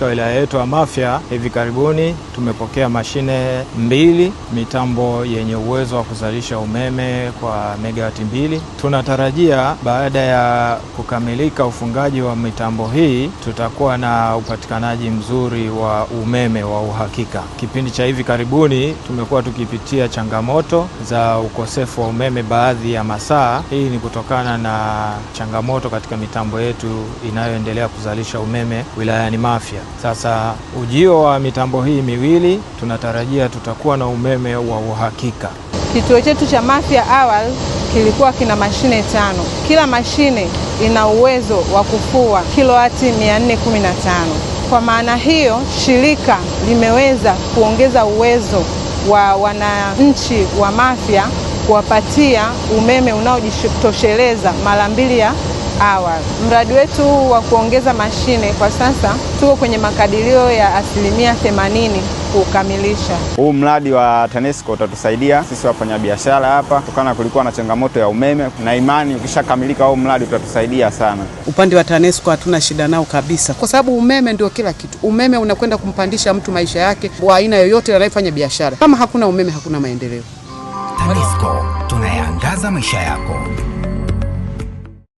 katika wilaya yetu ya Mafia hivi karibuni tumepokea mashine mbili, mitambo yenye uwezo wa kuzalisha umeme kwa megawati mbili. Tunatarajia baada ya kukamilika ufungaji wa mitambo hii tutakuwa na upatikanaji mzuri wa umeme wa uhakika. Kipindi cha hivi karibuni tumekuwa tukipitia changamoto za ukosefu wa umeme baadhi ya masaa. Hii ni kutokana na changamoto katika mitambo yetu inayoendelea kuzalisha umeme wilayani Mafia. Sasa ujio wa mitambo hii miwili tunatarajia tutakuwa na umeme wa uhakika. Kituo chetu cha Mafia awal kilikuwa kina mashine tano, kila mashine ina uwezo wa kufua kilowati 415. Kwa maana hiyo, shirika limeweza kuongeza uwezo wa wananchi wa Mafia kuwapatia umeme unaojitosheleza mara mbili ya hours. Mradi wetu wa kuongeza mashine kwa sasa tuko kwenye makadirio ya asilimia 80 kukamilisha huu mradi wa TANESCO utatusaidia sisi wafanyabiashara hapa, kutokana kulikuwa na changamoto ya umeme, na imani ukishakamilika huu mradi utatusaidia sana. Upande wa TANESCO hatuna shida nao kabisa, kwa sababu umeme ndio kila kitu. Umeme unakwenda kumpandisha mtu maisha yake wa aina yoyote anayefanya biashara. Kama hakuna umeme, hakuna maendeleo. TANESCO tunayaangaza maisha yako.